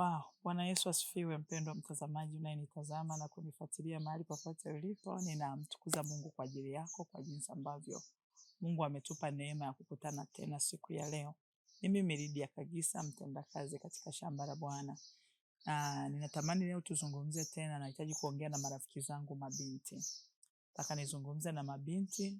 Wow, Bwana Yesu asifiwe. Mpendwa mtazamaji unayenitazama na kunifuatilia mahali popote ulipo, ninamtukuza Mungu kwa ajili yako kwa jinsi ambavyo Mungu ametupa neema ya kukutana tena siku ya leo. Mimi Miridia Kagisa, mtendakazi katika shamba la Bwana, na ninatamani leo tuzungumze tena. Nahitaji kuongea na marafiki zangu mabinti, nataka nizungumze na mabinti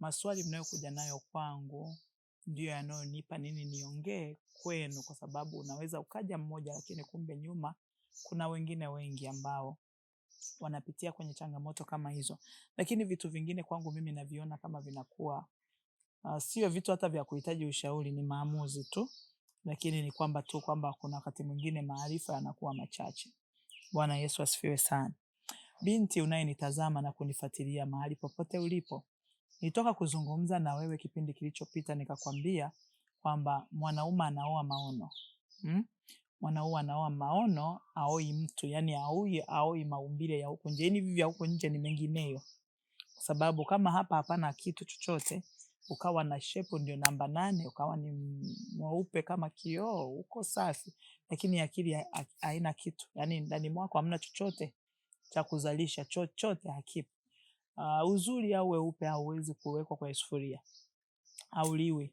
maswali mnayokuja nayo kwangu ndiyo yanayonipa nini niongee kwenu, kwa sababu unaweza ukaja mmoja, lakini kumbe nyuma kuna wengine wengi ambao wanapitia kwenye changamoto kama hizo. Lakini vitu vingine kwangu mimi naviona kama vinakuwa uh, sio vitu hata vya kuhitaji ushauri, ni maamuzi tu, lakini ni kwamba tu kwamba kuna wakati mwingine maarifa yanakuwa machache. Bwana Yesu asifiwe sana. Binti unayenitazama na kunifuatilia mahali popote ulipo, Nilitoka kuzungumza na wewe kipindi kilichopita nikakwambia kwamba mwanaume anaoa maono hmm? Mwanaume anaoa maono, aoi mtu yani aoi, aoi maumbile ya huko nje, yani hivi vya huko nje ni mengineyo, kwa sababu kama hapa hapana kitu chochote, ukawa na shepu ndio namba nane, ukawa ni mweupe kama kioo, uko safi, lakini akili haina kitu, yani ndani mwako hamna chochote cha kuzalisha, chochote hakipo. Uh, uzuri au weupe hauwezi kuwekwa kwenye sufuria, auliwi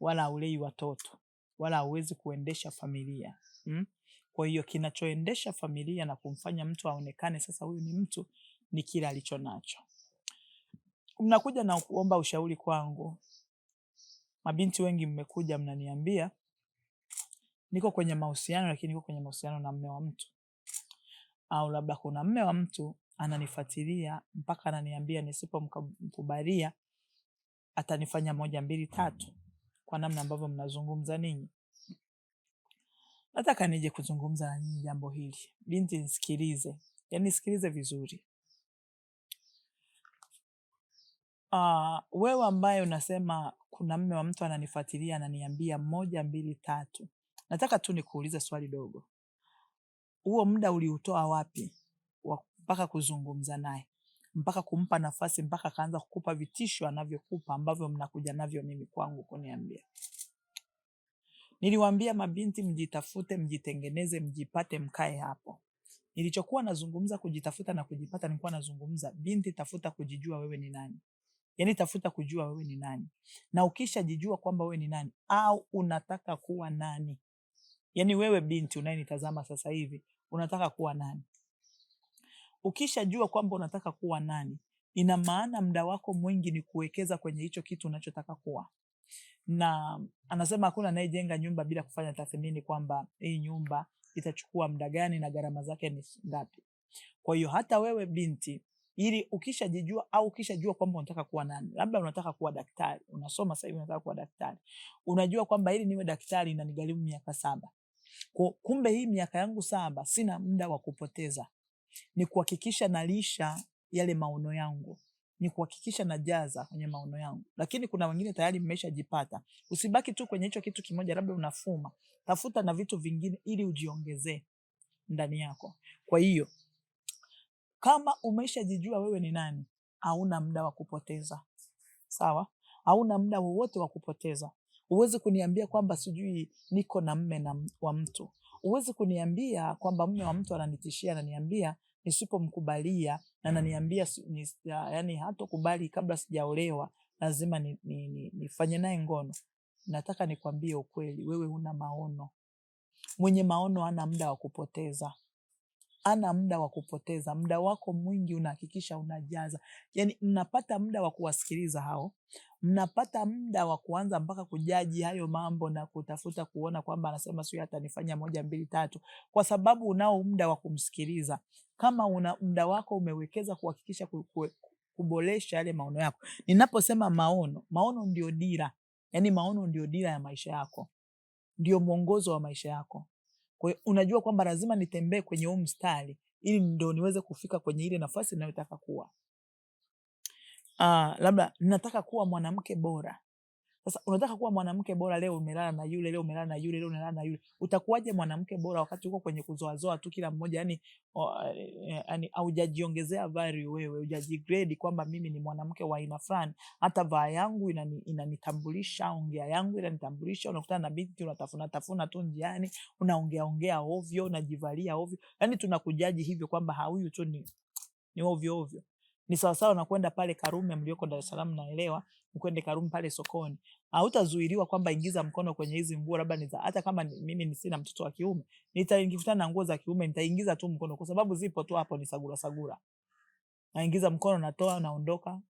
wala aulei watoto wala hauwezi kuendesha familia hmm? Kwa hiyo kinachoendesha familia na kumfanya mtu aonekane sasa huyu ni mtu ni kile alicho nacho. Mnakuja na kuomba ushauri kwangu, mabinti wengi mmekuja mnaniambia niko kwenye mahusiano, lakini niko kwenye mahusiano na mme wa mtu, au labda kuna mme wa mtu ananifuatilia mpaka ananiambia nisipomkubalia atanifanya moja mbili tatu, kwa namna ambavyo mnazungumza ninyi. Nataka nije kuzungumza na nyinyi jambo hili, binti, nisikilize, yani sikilize vizuri. Uh, wewe ambaye unasema kuna mme wa mtu ananifuatilia ananiambia moja mbili tatu, nataka tu nikuulize swali dogo. Huo muda uliutoa wapi? mpaka kuzungumza naye mpaka kumpa nafasi mpaka akaanza kukupa vitisho anavyokupa ambavyo mnakuja navyo mimi kwangu kuniambia. Niliwaambia mabinti, mjitafute, mjitengeneze, mjipate, mkae hapo. Nilichokuwa nazungumza kujitafuta na kujipata, nilikuwa nazungumza binti, tafuta kujijua wewe ni nani. Yani tafuta kujua wewe ni nani, na ukishajijua kwamba wewe ni nani au unataka kuwa nani, yani wewe binti unayenitazama sasa hivi unataka kuwa nani? Ukishajua kwamba unataka kuwa nani, ina maana mda wako mwingi ni kuwekeza kwenye hicho kitu unachotaka kuwa. Na anasema hakuna anayejenga nyumba bila kufanya tathmini kwamba hii nyumba itachukua mda gani na gharama zake ni ngapi. Kwa hiyo hata wewe binti, ili ukishajijua au ukishajua kwamba unataka kuwa nani, labda unataka kuwa daktari, unasoma sahivi unataka kuwa daktari, unajua kwamba ili niwe daktari inanigharimu miaka saba. kumbe hii miaka yangu saba sina mda wa kupoteza ni kuhakikisha nalisha yale maono yangu, ni kuhakikisha najaza kwenye maono yangu. Lakini kuna wengine tayari mmeshajipata. Usibaki tu kwenye hicho kitu kimoja, labda unafuma, tafuta na vitu vingine ili ujiongezee ndani yako. Kwa hiyo kama umeshajijua wewe ni nani, hauna muda wa kupoteza. Sawa, hauna muda wowote wa kupoteza. Uwezi kuniambia kwamba sijui niko na mme na wa mtu. Uwezi kuniambia kwamba mme wa mtu ananitishia, ananiambia nisipomkubalia na mm. naniambia ni, yani hatokubali kabla sijaolewa, lazima ni, ni, ni, nifanye naye ngono, nataka nikwambie ukweli, wewe huna maono. Mwenye maono hana muda wa kupoteza ana muda wa kupoteza. Muda wako mwingi unahakikisha unajaza, yani mnapata muda wa kuwasikiliza hao, mnapata muda wa kuanza mpaka kujaji hayo mambo na kutafuta kuona kwamba anasema sio atanifanya moja mbili tatu, kwa sababu unao muda wa kumsikiliza. Kama una muda wako umewekeza kuhakikisha kuboresha yale maono yako. Ninaposema maono, maono ndio dira, yani maono ndio dira ya maisha yako, ndio mwongozo wa maisha yako. Kwa unajua kwamba lazima nitembee kwenye huu mstari ili ndo niweze kufika kwenye ile nafasi ninayotaka kuwa. Uh, labda ninataka kuwa mwanamke bora sasa unataka kuwa mwanamke bora, leo umelala na yule, leo umelala na yule, leo umelala na yule, utakuwaje mwanamke bora wakati uko kwenye kuzoazoa tu kila mmoja? Yani eh, eh, yani aujajiongezea value wewe, hujajigrade kwamba mimi ni mwanamke wa aina fulani, hata vaa yangu inanitambulisha, ina ongea yangu inanitambulisha. Unakutana na binti unatafuna tafuna tu njiani, unaongea ongea ovyo, unajivalia ovyo, yani tunakujaji hivyo kwamba huyu tu ni ni ovyo ovyo ni sawasawa na kwenda pale Karume mlioko Dar es Salaam, naelewa ukwende Karume pale sokoni, hautazuiliwa kwamba ingiza mkono kwenye hizi nguo, labda niza hata kama mimi nisina mtoto wa kiume, nitakutana na nguo za kiume, nitaingiza tu mkono kwa sababu zipo tu hapo, ni sagura sagura, naingiza mkono, natoa, naondoka.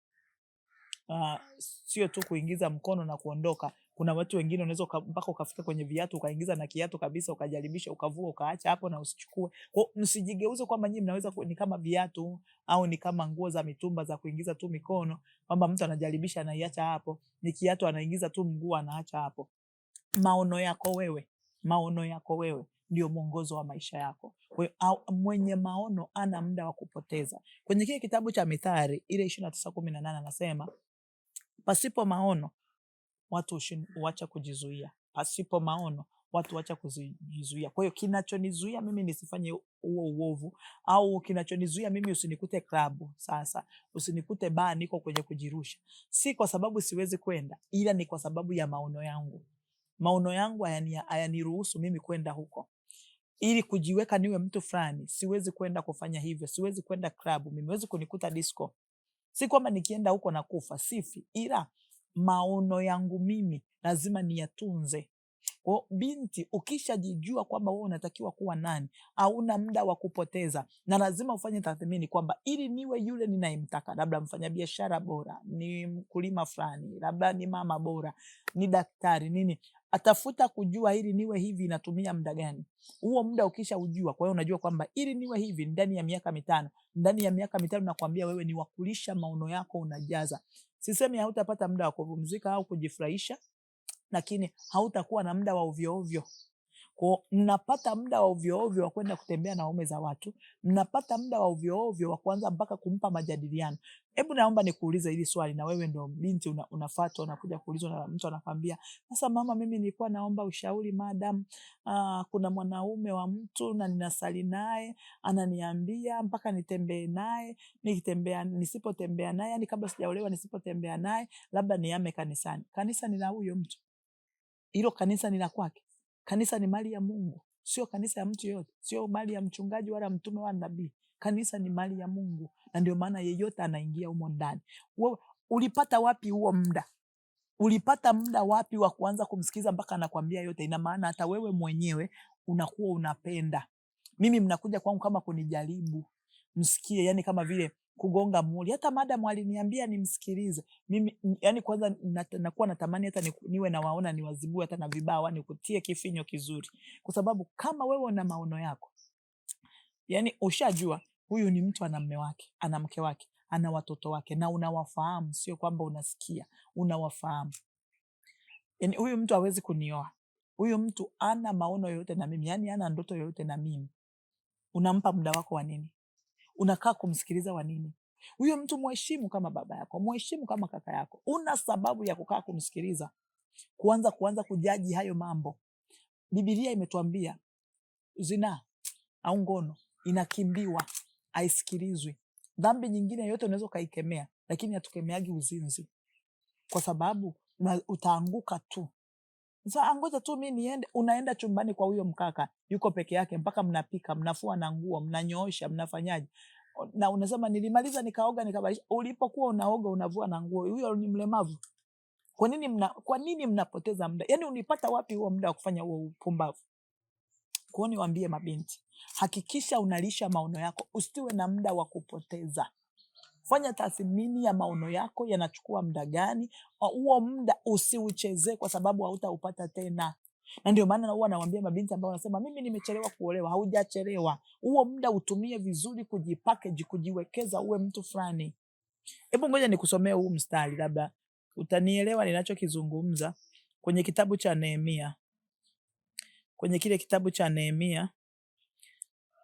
Uh, sio tu kuingiza mkono na kuondoka, kuna watu wengine unaweza mpaka ukafika kwenye viatu ukaingiza na kiatu kabisa ukajaribisha ukavua ukaacha hapo na usichukue. Kwa msijigeuze kwamba nyinyi mnaweza ni kama viatu au ni kama nguo za mitumba za kuingiza tu mikono, kwamba mtu anajaribisha anaiacha hapo, ni kiatu anaingiza tu mguu anaacha hapo. Maono yako wewe, maono yako wewe ndio mwongozo wa maisha yako. Kwa hiyo mwenye maono ana muda wa kupoteza. Kwenye kile kitabu cha Mithali ile ishirini na tisa kumi na nane anasema pasipo maono watu huacha kujizuia, pasipo maono watu wacha kujizuia. Kwa hiyo kinachonizuia mimi nisifanye huo uovu au kinachonizuia mimi usinikute klabu sasa, usinikute baa, niko kwenye kujirusha, si kwa sababu siwezi kwenda, ila ni kwa sababu ya maono yangu. Maono yangu hayaniruhusu mimi kwenda huko ili kujiweka niwe mtu fulani. Siwezi kwenda kufanya hivyo, siwezi kwenda klabu mimi, wezi kunikuta disco. Si kwamba nikienda huko nakufa, sifi, ila maono yangu mimi lazima niyatunze. Kwa binti, ukishajijua kwamba wewe unatakiwa kuwa nani, hauna muda wa kupoteza, na lazima ufanye tathmini kwamba ili niwe yule ninayemtaka, labda mfanyabiashara bora, ni mkulima fulani, labda ni mama bora, ni daktari nini, atafuta kujua ili niwe hivi inatumia muda gani. Huo muda ukisha ujua, kwa hiyo unajua kwamba ili niwe hivi ndani ya miaka mitano, ndani ya miaka mitano, nakwambia wewe ni wakulisha maono yako, unajaza. Sisemi hautapata muda wa kupumzika au kujifurahisha, lakini hautakuwa na muda wa uvyoovyo kwa mnapata muda wa ovyoovyo wa kwenda kutembea na waume za watu, mnapata muda wa ovyoovyo wa kuanza mpaka kumpa majadiliano. Hebu naomba nikuulize hili swali, na wewe ndo binti una, unafuatwa unakuja kuulizwa na mtu anakwambia, sasa mama, mimi nilikuwa naomba ushauri madam. Aa, ah, kuna mwanaume wa mtu na ninasali naye ananiambia mpaka nitembee naye, nikitembea nisipotembea naye, yani kabla sijaolewa, nisipotembea naye labda niame kanisani. Kanisa ni la huyo mtu, hilo kanisa ni la kwake Kanisa ni mali ya Mungu, sio kanisa ya mtu yoyote, sio mali ya mchungaji wala mtume wala nabii. Kanisa ni mali ya Mungu, na ndio maana yeyote anaingia humo ndani. Wewe ulipata wapi huo muda? Ulipata muda wapi wa kuanza kumsikiza mpaka anakwambia yote? Ina maana hata wewe mwenyewe unakuwa unapenda. Mimi mnakuja kwangu kama kunijaribu, msikie, yani kama vile kugonga muli. Hata madam aliniambia nimsikilize mimi, yani kwanza nakuwa natamani hata ni, niwe nawaona niwazibue hata na vibao ni yaani kutie kifinyo kizuri, kwa sababu kama wewe una maono yako, yani ushajua huyu ni mtu ana mme wake, ana mke wake, ana watoto wake, na unawafahamu, sio kwamba unasikia, unawafahamu. Yani huyu mtu hawezi kunioa, huyu mtu ana maono yoyote na mimi, yani ana ndoto yoyote na mimi, unampa muda wako wa nini? unakaa kumsikiliza wa nini? Huyo mtu mwheshimu kama baba yako, mwheshimu kama kaka yako. Una sababu ya kukaa kumsikiliza, kuanza kuanza kujaji hayo mambo. Bibilia imetwambia zinaa au ngono inakimbiwa, aisikilizwi. Dhambi nyingine yote unaweza ukaikemea, lakini hatukemeagi uzinzi, kwa sababu utaanguka tu sasa ngoja tu mi niende. Unaenda chumbani kwa huyo mkaka, yuko peke yake, mpaka mnapika, mnafua na nguo, mnanyoosha, mnafanyaje na unasema nilimaliza nikaoga nikabadilisha. Ulipokuwa unaoga unavua na nguo, huyo ni mlemavu. Kwa nini mna, kwa nini mnapoteza muda? yani unipata wapi huo muda wa kufanya huo upumbavu? Kwao niwaambie mabinti, hakikisha unalisha maono yako, usiwe na muda wa kupoteza. Fanya tathmini ya maono yako, yanachukua muda gani? Huo muda usiuchezee, kwa sababu hautaupata tena. Na ndio maana huwa nawambia mabinti ambao wanasema mimi nimechelewa kuolewa. Haujachelewa, huo muda utumie vizuri, kujipakeji, kujiwekeza, uwe mtu fulani. Hebu ngoja nikusomee huu mstari, labda utanielewa ninachokizungumza, kwenye kitabu cha Nehemia, kwenye kile kitabu cha Nehemia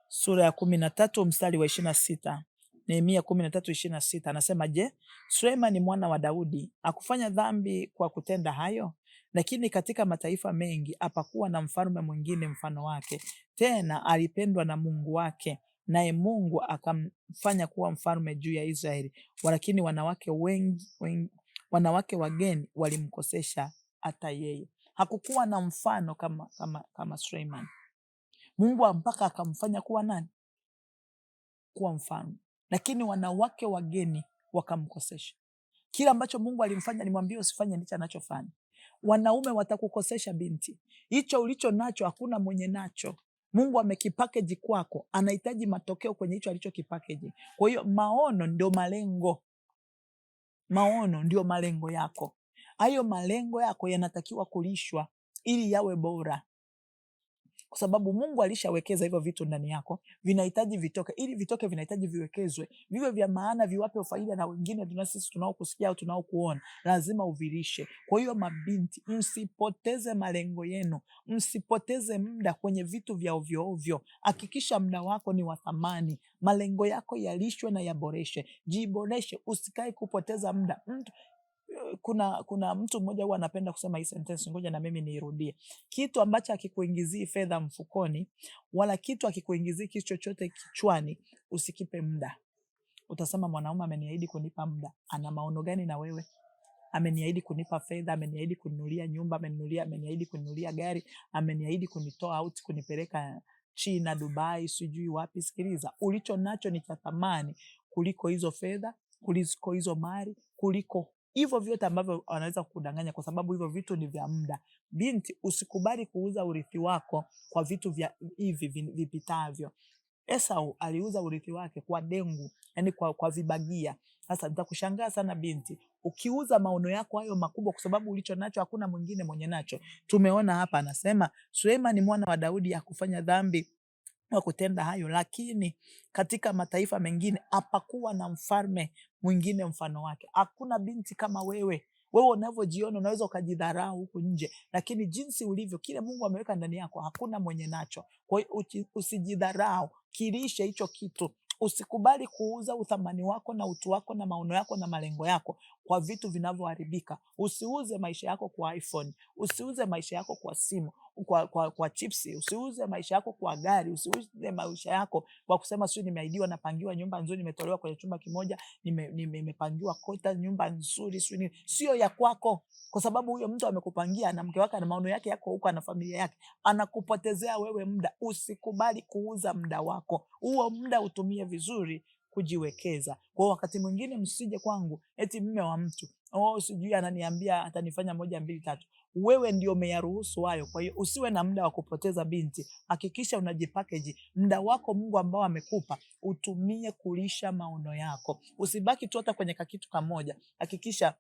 sura ya kumi na tatu mstari wa ishirini na sita. Nehemia kumi na tatu ishirini na sita anasema, je, Sulemani mwana wa Daudi akufanya dhambi kwa kutenda hayo? Lakini katika mataifa mengi hapakuwa na mfalme mwingine mfano wake, tena alipendwa na Mungu wake, naye Mungu akamfanya kuwa mfalme juu ya Israeli. Walakini wanawake wengi, wengi, wanawake wageni walimkosesha hata yeye. Hakukuwa na mfano kama, kama, kama Sulemani. Mungu mpaka akamfanya kuwa nani? Kuwa mfalme lakini wanawake wageni wakamkosesha. Kile ambacho Mungu alimfanya nimwambie usifanye ndicho anachofanya. Wanaume watakukosesha binti, hicho ulicho nacho hakuna mwenye nacho. Mungu amekipakeji kwako, anahitaji matokeo kwenye hicho alicho kipakeji Kwa hiyo maono ndio malengo, maono ndio malengo yako. Hayo malengo yako yanatakiwa kulishwa ili yawe bora kwa sababu Mungu alishawekeza hivyo vitu ndani yako, vinahitaji vitoke. Ili vitoke, vinahitaji viwekezwe, vivyo vya maana, viwape faida na wengine. Tuna sisi tunaokusikia au tunaokuona, lazima uvilishe. Kwa hiyo, mabinti, msipoteze malengo yenu, msipoteze muda kwenye vitu vya ovyoovyo Hakikisha muda wako ni wa thamani, malengo yako yalishwe na yaboreshe. Jiboreshe, usikae kupoteza muda mtu kuna, kuna mtu mmoja huwa anapenda kusema hii sentensi, ngoja na mimi niirudie. Kitu ambacho akikuingizii fedha mfukoni wala kitu akikuingizii kitu chochote kichwani, usikipe muda. Utasema mwanaume ameniahidi kunipa muda, ana maono gani na wewe? Ameniahidi kunipa fedha, ameniahidi kununulia nyumba, ameninulia, ameniahidi kununulia gari, ameniahidi kunitoa out, kunipeleka China, Dubai, sijui wapi. Sikiliza, ulicho nacho ni cha thamani kuliko hizo fedha, kuliko hizo mali, kuliko hivyo vyote ambavyo wanaweza kudanganya, kwa sababu hivyo vitu ni vya muda. Binti, usikubali kuuza urithi wako kwa vitu vya hivi vipitavyo. Esau aliuza urithi wake kwa dengu, yani kwa, kwa vibagia. Sasa nitakushangaa sana binti, ukiuza maono yako hayo makubwa, kwa sababu ulicho nacho hakuna mwingine mwenye nacho. Tumeona hapa anasema Suleimani mwana wa Daudi akufanya dhambi wa kutenda hayo, lakini katika mataifa mengine hapakuwa na mfalme mwingine mfano wake. Hakuna binti kama wewe. Wewe unavyojiona unaweza ukajidharau huku nje, lakini jinsi ulivyo, kile Mungu ameweka ndani yako hakuna mwenye nacho. Kwa hiyo usijidharau, kilishe hicho kitu. Usikubali kuuza uthamani wako na utu wako na maono yako na malengo yako kwa vitu vinavyoharibika. Usiuze maisha yako kwa iPhone, usiuze maisha yako kwa simu, kwa, kwa, kwa chipsi, usiuze maisha yako kwa gari, usiuze maisha yako kwa kusema sio, nimeaidiwa napangiwa nyumba nzuri, nimetolewa kwenye chumba kimoja, nimepangiwa nime, kota nyumba nzuri, sio sio ya kwako, kwa sababu huyo mtu amekupangia na mke wake na maono yake yako huko na familia yake, anakupotezea wewe muda. Usikubali kuuza muda wako, huo muda utumie vizuri kujiwekeza. Kwa wakati mwingine msije kwangu eti mme wa mtu oh, sijui ananiambia atanifanya moja mbili tatu wewe ndio umeyaruhusu hayo. Kwa hiyo usiwe na muda wa kupoteza binti, hakikisha unajipakeji. Muda wako Mungu ambao amekupa utumie kulisha maono yako, usibaki tu hata kwenye kakitu kamoja, hakikisha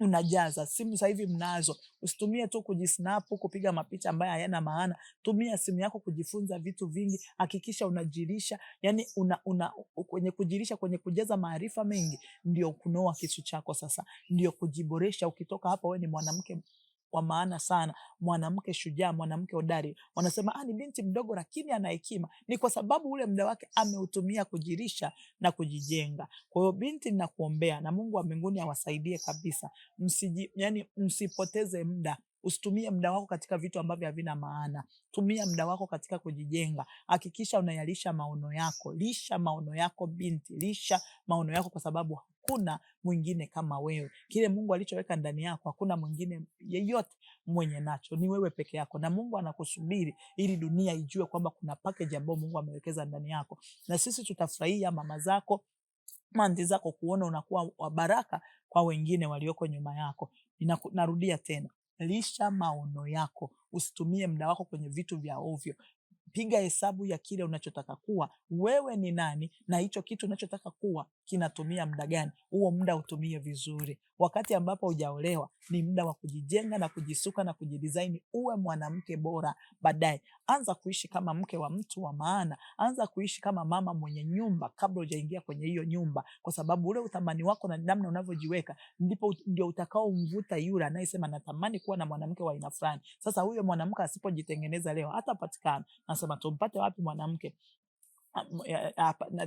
unajaza simu. Sasa hivi mnazo, usitumie tu kujisnapu, kupiga mapicha ambayo hayana maana. Tumia simu yako kujifunza vitu vingi, hakikisha unajirisha. yani una, una, kwenye kujirisha, kwenye kujaza maarifa mengi, ndio kunoa kisu chako. Sasa ndio kujiboresha. Ukitoka hapa, wewe ni mwanamke wa maana sana, mwanamke shujaa, mwanamke hodari. Wanasema ah, ni binti mdogo lakini ana hekima. Ni kwa sababu ule muda wake ameutumia kujirisha na kujijenga. Kwa hiyo binti, ninakuombea na Mungu wa mbinguni awasaidie kabisa, msiji, yani msipoteze muda Usitumie muda wako katika vitu ambavyo havina maana. Tumia muda wako katika kujijenga. Hakikisha unayalisha maono yako, lisha maono yako binti, lisha maono yako, kwa sababu hakuna mwingine kama wewe. Kile Mungu alichoweka ndani yako hakuna mwingine yeyote mwenye nacho, ni wewe peke yako, na Mungu anakusubiri ili dunia ijue kwamba kuna pakeji ambayo Mungu amewekeza ndani yako, na sisi tutafurahia mama zako mandi zako kuona unakuwa wa baraka kwa wengine walioko nyuma yako. Narudia tena, lisha maono yako, usitumie muda wako kwenye vitu vya ovyo. Piga hesabu ya kile unachotaka kuwa, wewe ni nani, na hicho kitu unachotaka kuwa kinatumia muda gani. Huo muda utumie vizuri wakati ambapo hujaolewa ni muda wa kujijenga na kujisuka na kujidizaini, uwe mwanamke bora baadaye. Anza kuishi kama mke wa mtu wa maana, anza kuishi kama mama mwenye nyumba kabla hujaingia kwenye hiyo nyumba, kwa sababu ule uthamani wako na namna unavyojiweka ndipo ndio utakaomvuta yule anayesema natamani kuwa na mwanamke wa aina fulani. Sasa huyo mwanamke asipojitengeneza leo hatapatikana. Nasema tumpate wapi mwanamke?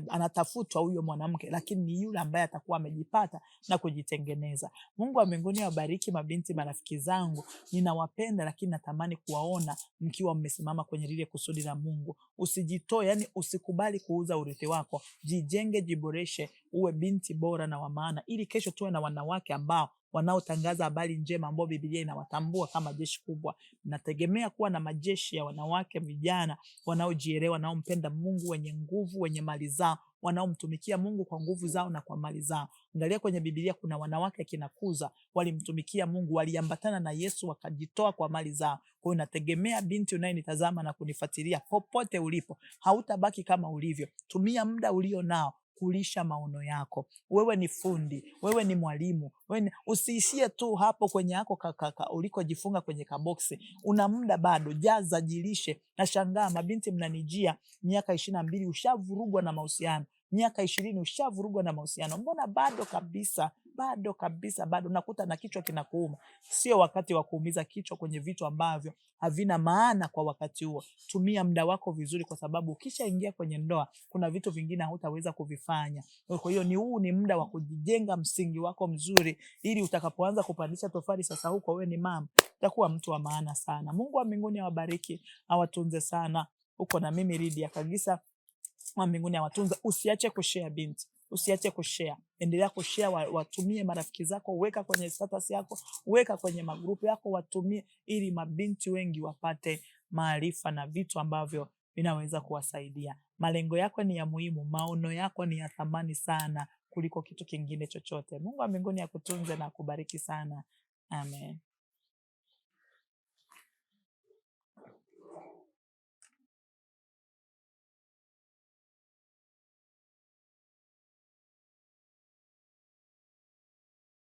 anatafutwa huyo mwanamke, lakini ni yule ambaye atakuwa amejipata na kujitengeneza. Mungu wa mbinguni awabariki mabinti marafiki zangu, ninawapenda, lakini natamani kuwaona mkiwa mmesimama kwenye lile kusudi la Mungu. Usijitoe, yani usikubali kuuza urithi wako. Jijenge, jiboreshe, uwe binti bora na wa maana, ili kesho tuwe na wanawake ambao wanaotangaza habari njema ambao Biblia inawatambua kama jeshi kubwa. Nategemea kuwa na majeshi ya wanawake vijana wanaojielewa, wanaompenda Mungu, wenye nguvu, wenye mali zao wanaomtumikia Mungu kwa nguvu zao na kwa mali zao. Angalia kwenye Biblia kuna wanawake akina Kuza walimtumikia Mungu, waliambatana na Yesu wakajitoa kwa mali zao. Kwa hiyo nategemea binti unayenitazama na kunifuatilia popote ulipo, hautabaki kama ulivyo. Tumia muda ulio nao kulisha maono yako. Wewe ni fundi, wewe ni mwalimu, wewe usiishie tu hapo kwenye yako kakaka ulikojifunga kwenye kaboksi. Una muda bado, jaza, jilishe. Nashangaa mabinti mnanijia, miaka ishirini na mbili ushavurugwa na mahusiano, miaka ishirini ushavurugwa na mahusiano, mbona bado kabisa bado kabisa, bado nakuta na kichwa kinakuuma. Sio wakati wa kuumiza kichwa kwenye vitu ambavyo havina maana kwa wakati huo. Tumia muda wako vizuri, kwa sababu ukishaingia kwenye ndoa kuna vitu vingine hutaweza kuvifanya. Kwa hiyo ni huu ni muda wa kujijenga msingi wako mzuri, ili utakapoanza kupandisha tofali sasa, huko wewe ni mama, utakuwa mtu wa maana sana. Mungu wa mbinguni awabariki, awatunze sana. huko na mimi lidia Kagisa wa mbinguni awatunze Usiache kushare binti usiache kushare, endelea kushare, watumie marafiki zako, weka kwenye status yako, weka kwenye magrupu yako, watumie ili mabinti wengi wapate maarifa na vitu ambavyo vinaweza kuwasaidia. Malengo yako ni ya muhimu, maono yako ni ya thamani sana kuliko kitu kingine chochote. Mungu wa mbinguni akutunze na kubariki sana. Amen.